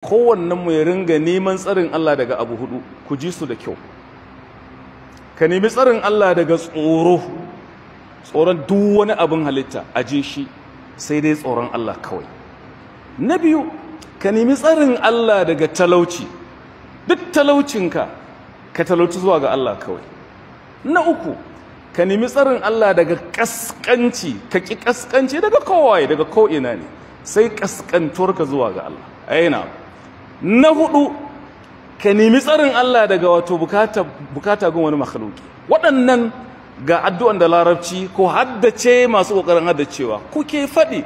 kowannen mu ya ringa neman tsarin Allah daga abu hudu ku ji su da kyau ka nemi tsarin Allah daga tsoro tsoron duk wani abin halitta a ji shi sai dai tsoron Allah kawai na biyu ka nemi tsarin Allah daga talauci duk talaucinka ka talauci zuwa ga Allah kawai na uku ka nemi tsarin Allah daga kaskanci ka ƙi kaskanci daga kowaye daga ko'ina ne sai kaskantuwarka zuwa ga Allah abu na hudu ka nemi tsarin Allah daga wato bukata bukata gun wani makhluki waɗannan ga addu'an da larabci ko haddace masu kokarin haddacewa kuke faɗi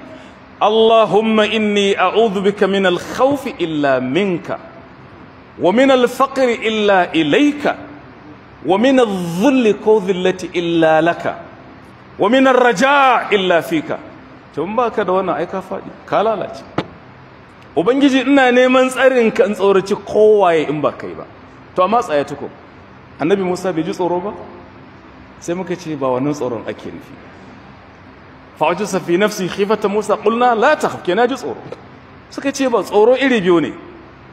Allahumma inni a'udhu bika min al illa minka wa min al illa ilayka wa min adh ko dhillati illa laka wa min ar-raja' illa fika tun baka da wannan ai ka faɗi ka lalace ubangiji ina neman tsarin kan tsoraci kowaye in ba kai ba to amma tsaya tuko annabi musa bai ji tsoro ba sai muka ce ba wannan tsoron ake nufi fa'ajin safi nafsi khifata musa kulna la takhaf ke na ji tsoro suka ce ba tsoro iri biyu ne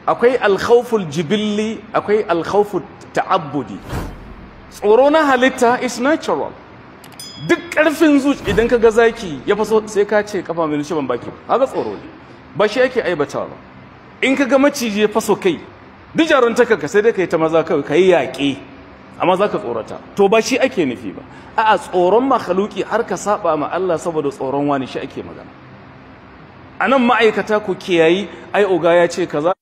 akwai alkhawful jibilli akwai alkhawful ta'abbudi tsoro na halitta is natural duk karfin zuci idan ka ga zaki ya faso sai ka ce kafa mai ban baki haka tsoro ne ba shi yake aibata ba in ka ga maciji ya faso kai duk jaruntakan ka sai dai kai ta maza kawai kai yaƙi amma za tsorata to ba shi ake nufi ba a'a tsoron makhluki har ka saba ma Allah saboda tsoron wani shi ake magana anan ma'aikata ku kiyayi ai oga ya ce kaza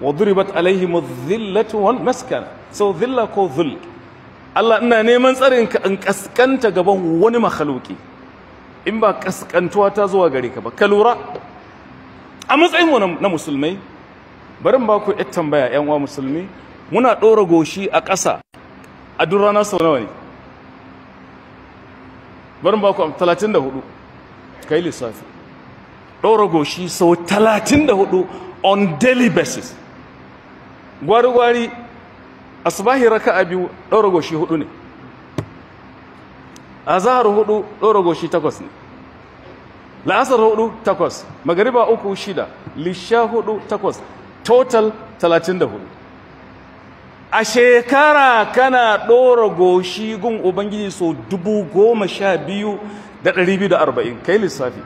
wa duribat alaihim dhillatu wal maskan so dhilla ko dhul Allah ina neman tsarin ka in kaskanta gaban wani makhluki in ba kaskantuwa ta zuwa gare ka ba ka lura a matsayinmu na musulmai barin ba ku yan tambaya yan uwa musulmi muna ɗora goshi a ƙasa a duk rana sau nawa ne barin ba ku 34 kai lissafi ɗora goshi sau 34 on daily basis gwari-gwari a asubahi raka a biyu ɗora goshi hudu ne a zahar hudu ɗora goshi takwas ne la'asar hudu takwas magariba uku shida lisha hudu takwas total talatin da hudu a shekara kana ɗora goshi gun ubangiji so dubu goma sha biyu da ɗari biyu da arba'in kai lissafi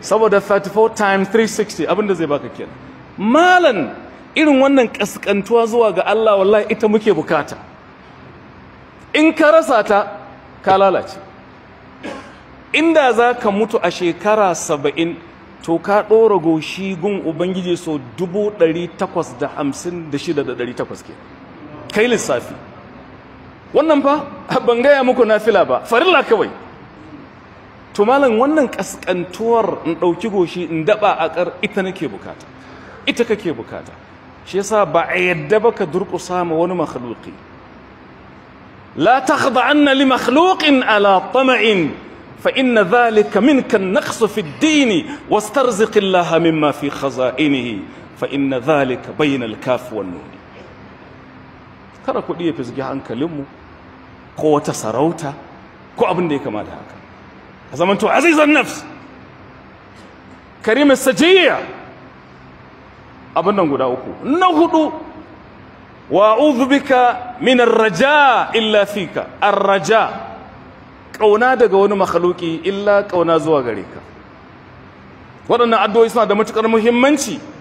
saboda 34 times 360 abinda zai baka kenan malan irin wannan kaskantuwa zuwa ga Allah wallahi ita muke bukata in ka rasa ta ka lalace inda za ka mutu a shekara saba'in to ka ɗora goshi gun ubangiji so dubu ɗari takwas da hamsin da shida da ɗari takwas ke kai lissafi wannan fa ban gaya muku na fila ba farilla kawai to malam wannan ƙasƙantuwar in ɗauki goshi in daɓa a ƙar ita nake bukata ita kake bukata shi yasa ba a yadda ba ka durƙusa ma wani makhluqi la takhda'anna li makhluqin ala tama'in فإن ذلك منك النقص في الدين واسترزق الله مما في خزائنه فإن ذلك بين الكاف والنون Kada kuɗi ya fisgi hankalinmu ko wata sarauta ko abin da ya kama da haka a zamanto azizan nafs karimin sajiya abin nan guda uku na hudu wa uzubika minar Raja illa fika Raja? ƙauna daga wani makhluki illa ƙauna zuwa gare ka waɗannan addu'o'i suna da matuƙar muhimmanci